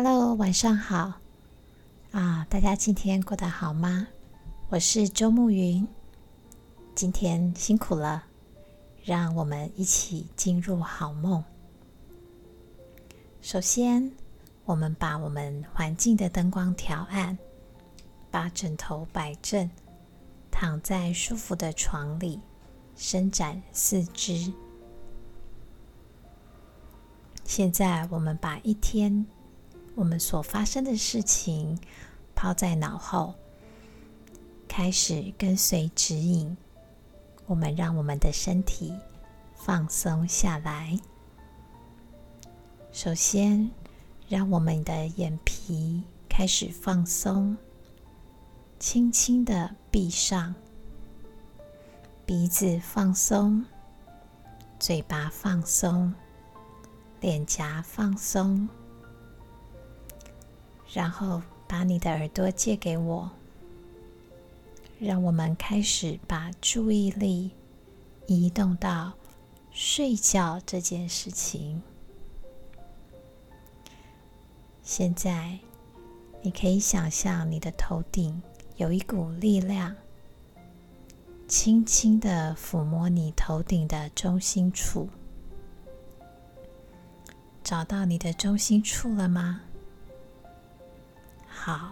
Hello，晚上好啊！大家今天過得好嗎？我是周沐昀，今天辛苦了，讓我們一起進入好夢。首先，我們把我們環境的燈光調暗，把枕頭擺正，躺在舒服的床裡，伸展四肢。現在，我們把一天。我們所發生的事情，拋在腦後，開始跟隨指引。我們讓我們的身體放鬆下來。首先，讓我們的眼皮開始放鬆，輕輕的閉上。鼻子放鬆，嘴巴放鬆，臉頰放鬆。然後把你的耳朵借給我，讓我們開始把注意力移動到睡覺這件事情。現在，你可以想象你的頭頂有一股力量，輕輕的撫摸你頭頂的中心處。找到你的中心處了嗎？好，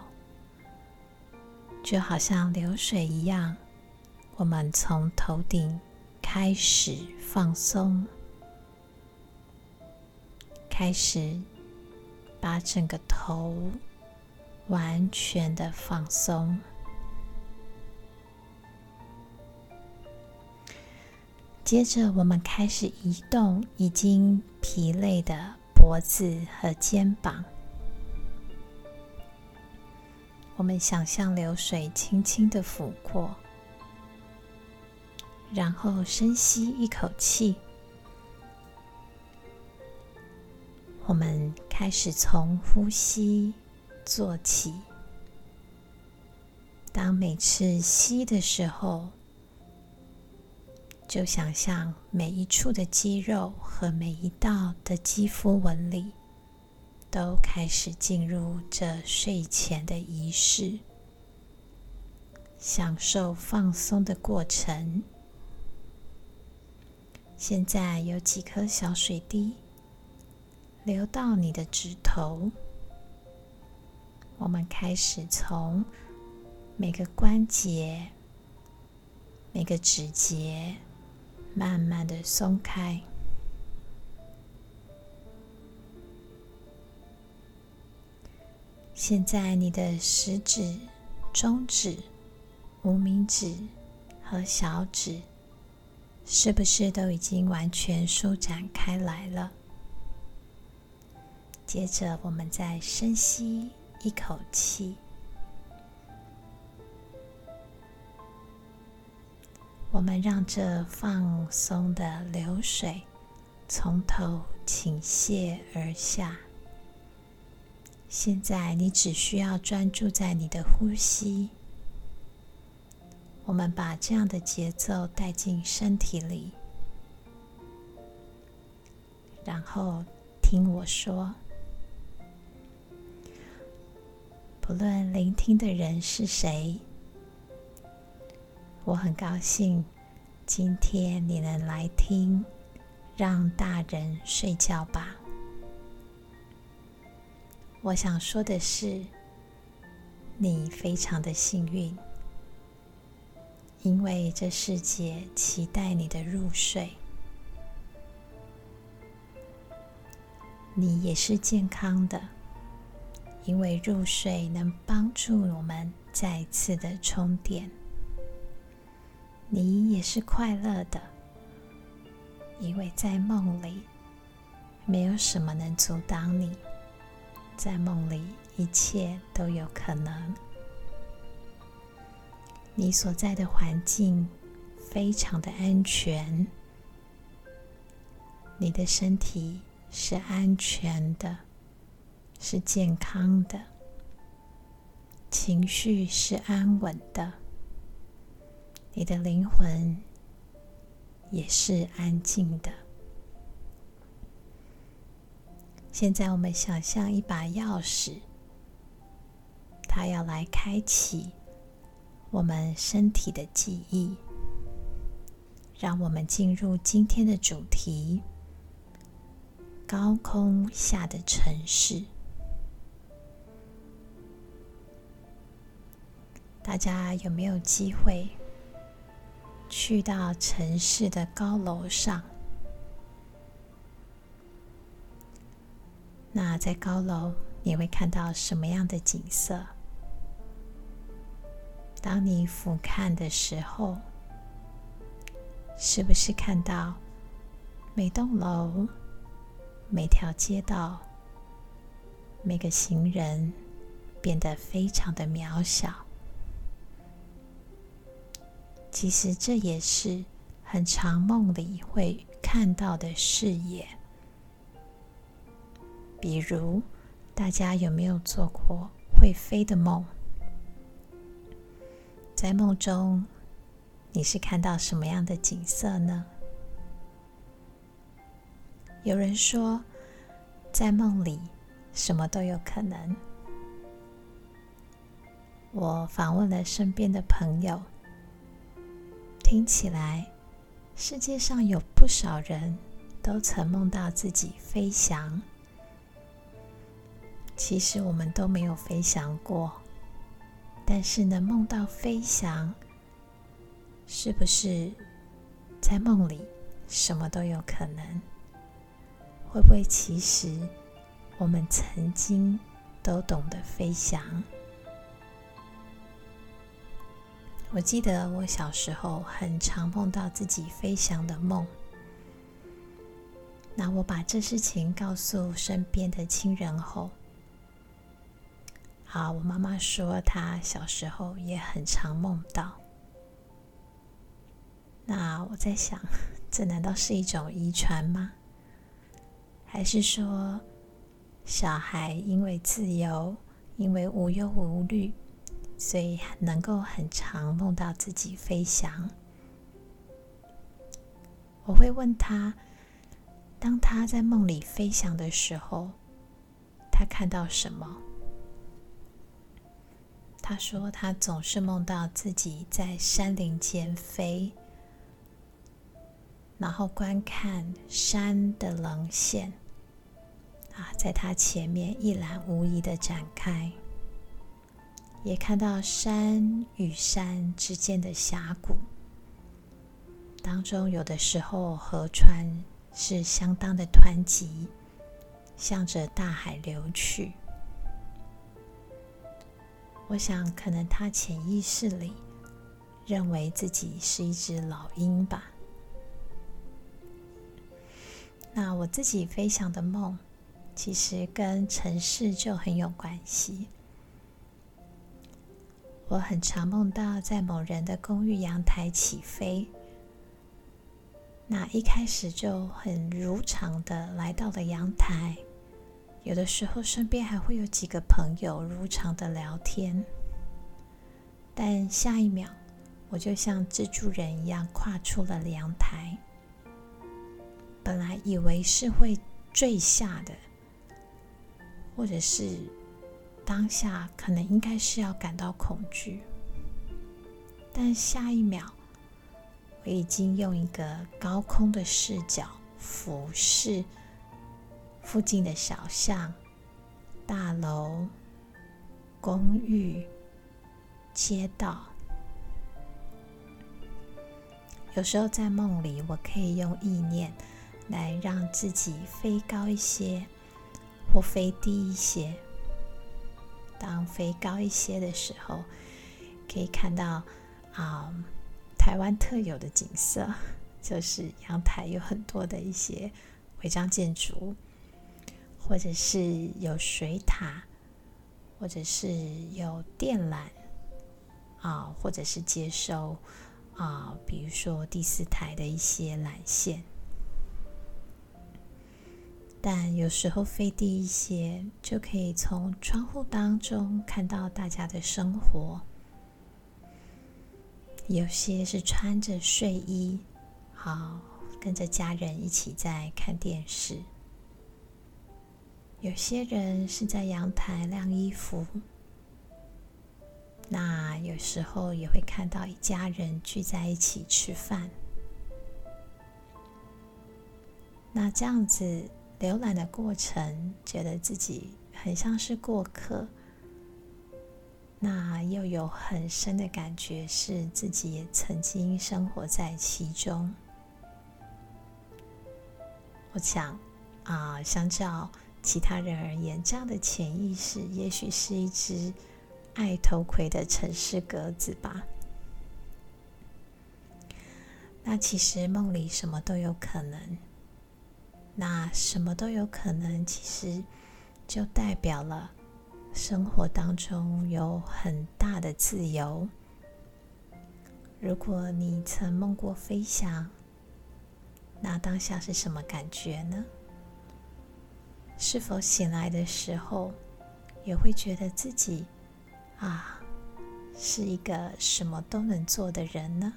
就好像流水一樣，我們從頭頂開始放鬆，開始把整個頭完全的放鬆。接着，我們開始移動已經疲累的脖子和肩膀。我們想象流水輕輕的撫過，然後深吸一口氣。我們開始從呼吸做起。當每次吸的時候，就想象每一處的肌肉和每一道的肌膚紋理。都開始進入這睡前的儀式，享受放鬆的過程。現在有幾顆小水滴流到你的指頭，我們開始從每個關節、每個指節慢慢的鬆開。現在你的食指、中指、無名指和小指，是不是都已經完全舒展開來了？接着，我們再深吸一口氣，我們讓這放鬆的流水從頭傾瀉而下。現在你只需要專注在你的呼吸。我們把這樣的節奏帶進身體裡，然後聽我說。不論聆聽的人是誰，我很高興今天你能來聽。讓大人睡覺吧。我想說的是，你非常的幸運，因為這世界期待你的入睡。你也是健康的，因為入睡能幫助我們再次的充電。你也是快樂的，因為在夢裡，沒有什麼能阻擋你。在夢裡，一切都有可能。你所在的環境非常的安全。你的身體是安全的，是健康的。情緒是安穩的。你的靈魂也是安靜的。現在我們想象一把鑰匙，它要來開啟我們身體的記憶。讓我們進入今天的主題：高空下的城市。大家有沒有機會去到城市的高樓上？那在高樓，你會看到什麼樣的景色？當你俯瞰的時候，是不是看到每棟樓、每條街道、每個行人變得非常的渺小？其實這也是很常夢裡會看到的視野。比如，大家有沒有做過會飛的夢？在夢中，你是看到什麼樣的景色呢？有人說，在夢裡什麼都有可能。我訪問了身邊的朋友，聽起來世界上有不少人都曾夢到自己飛翔。其實我們都沒有飛翔過，但是能夢到飛翔，是不是在夢裡什麼都有可能？會不會其實我們曾經都懂得飛翔？我記得我小時候很常夢到自己飛翔的夢。那我把這事情告訴身邊的親人後。啊！我媽媽說，她小時候也很常夢到。那我在想，這難道是一種遺傳嗎？還是說，小孩因為自由，因為無憂無慮，所以能夠很常夢到自己飛翔？我會問她，當她在夢裡飛翔的時候，她看到什麼？他說，他總是夢到自己在山林間飛，然後觀看山的稜線，啊，在他前面一覽無遺的展開，也看到山與山之間的峽谷當中，有的時候河川是相當的湍急，向着大海流去。我想，可能他潛意識裡認為自己是一隻老鷹吧。那我自己飛翔的夢，其實跟城市就很有關係。我很常夢到在某人的公寓陽台起飛，那一開始就很如常的來到了陽台。有的時候，身邊還會有幾個朋友如常的聊天，但下一秒，我就像蜘蛛人一樣跨出了陽台。本來以為是會墜下的，或者是當下可能應該是要感到恐懼，但下一秒，我已經用一個高空的視角俯視。附近的小巷、大樓、公寓、街道，有時候在夢裡，我可以用意念來讓自己飛高一些，或飛低一些。當飛高一些的時候，可以看到啊，台灣特有的景色，就是陽台有很多的一些違章建築。或者是有水塔，或者是有電纜，啊，或者是接收啊，比如說第四台的一些纜線。但有時候飛低一些，就可以從窗戶當中看到大家的生活。有些是穿着睡衣，好、啊、跟着家人一起在看電視。有些人是在陽台晾衣服，那有時候也會看到一家人聚在一起吃飯。那這樣子瀏覽的過程，覺得自己很像是過客，那又有很深的感覺是自己也曾經生活在其中。我想啊，呃，相較。其他人而言，這樣的潛意識也許是一隻愛偷窺的城市鴿子吧。那其實夢裡什麼都有可能。那什麼都有可能，其實就代表了生活當中有很大的自由。如果你曾夢過飛翔，那當下是什麼感覺呢？是否醒來的時候，也會覺得自己啊是一個什麼都能做的人呢？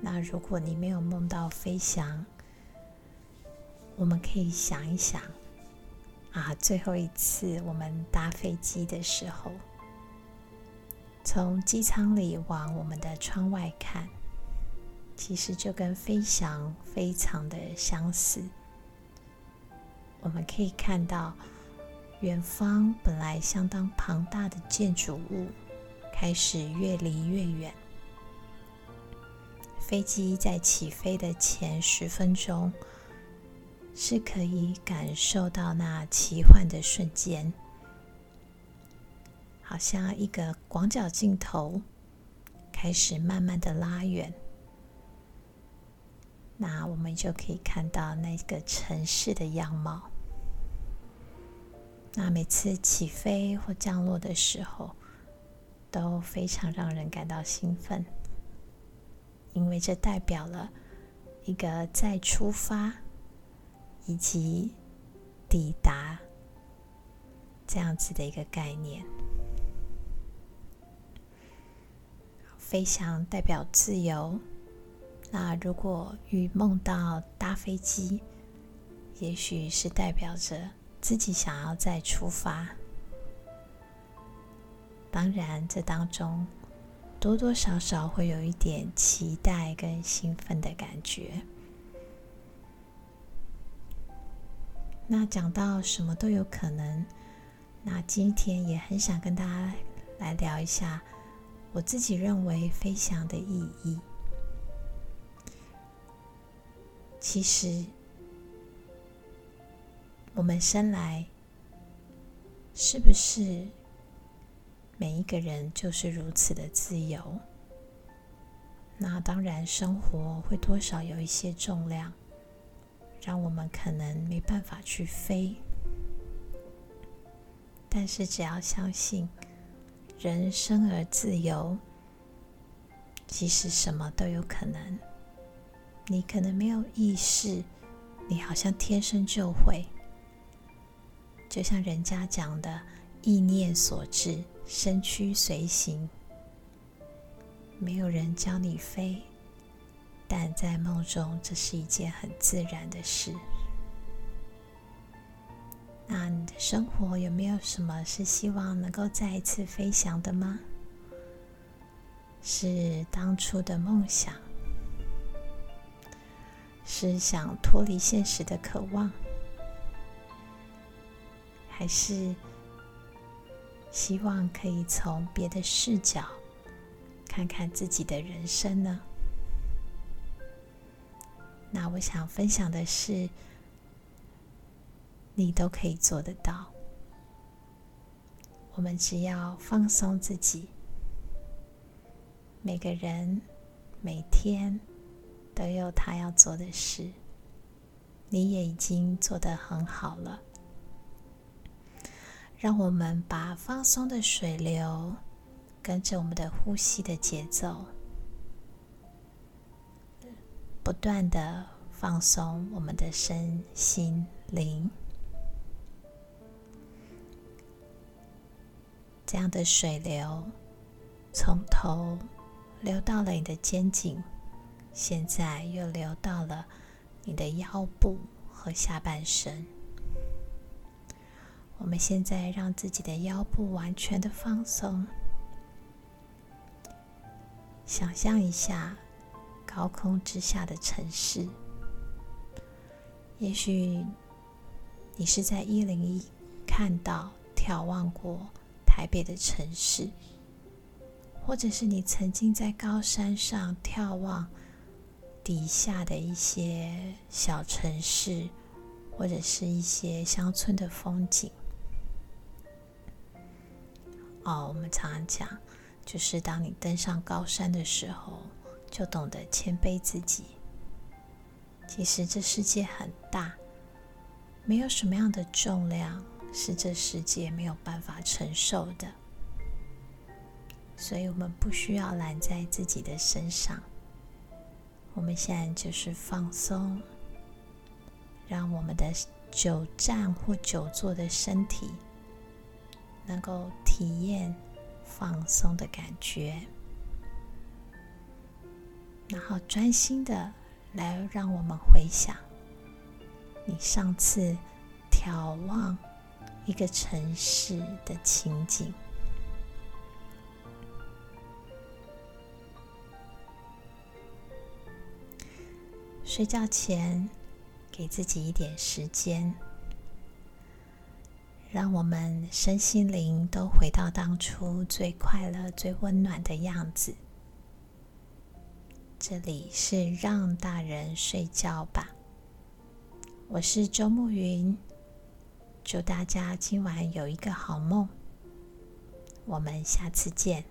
那如果你沒有夢到飛翔，我們可以想一想啊，最後一次我們搭飛機的時候，從機艙裡往我們的窗外看，其實就跟飛翔非常的相似。我們可以看到，遠方本來相當龐大的建築物開始越離越遠。飛機在起飛的前十分鐘，是可以感受到那奇幻的瞬間，好像一個廣角鏡頭開始慢慢的拉遠，那我們就可以看到那個城市的樣貌。那每次起飛或降落的時候，都非常讓人感到興奮，因為這代表了一個再出發以及抵達這樣子的一個概念。飛翔代表自由，那如果又夢到搭飛機，也許是代表着。自己想要再出發，當然這當中多多少少會有一點期待跟興奮的感覺。那講到什麼都有可能，那今天也很想跟大家來聊一下我自己認為飛翔的意義。其實。我們生來是不是每一個人就是如此的自由？那當然，生活會多少有一些重量，讓我們可能沒辦法去飛。但是，只要相信人生而自由，其實什麼都有可能。你可能沒有意識，你好像天生就會。就像人家講的，意念所致，身軀隨行。沒有人教你飛，但在夢中，這是一件很自然的事。那你的生活有沒有什麼是希望能夠再一次飛翔的嗎？是當初的夢想，是想脫離現實的渴望。還是希望可以從別的視角看看自己的人生呢？那我想分享的是，你都可以做得到。我們只要放鬆自己，每個人每天都有他要做的事，你也已經做得很好了。讓我們把放鬆的水流跟着我們的呼吸的節奏，不斷的放鬆我們的身心靈。這樣的水流從頭流到了你的肩頸，現在又流到了你的腰部和下半身。我們現在讓自己的腰部完全的放鬆，想象一下高空之下的城市。也許你是在101看到，眺望過台北的城市，或者是你曾經在高山上眺望底下的一些小城市，或者是一些鄉村的風景。哦，我們常常講，就是當你登上高山的時候，就懂得謙卑自己。其實這世界很大，沒有什麼樣的重量是這世界沒有辦法承受的。所以，我們不需要攬在自己的身上。我們現在就是放鬆，讓我們的久站或久坐的身體能夠。體驗放鬆的感覺，然後專心的來讓我們回想你上次眺望一個城市的情景。睡覺前，給自己一點時間。讓我們身心靈都回到當初最快樂、最溫暖的樣子。這裡是讓大人睡覺吧。我是周沐昀，祝大家今晚有一個好夢。我們下次見。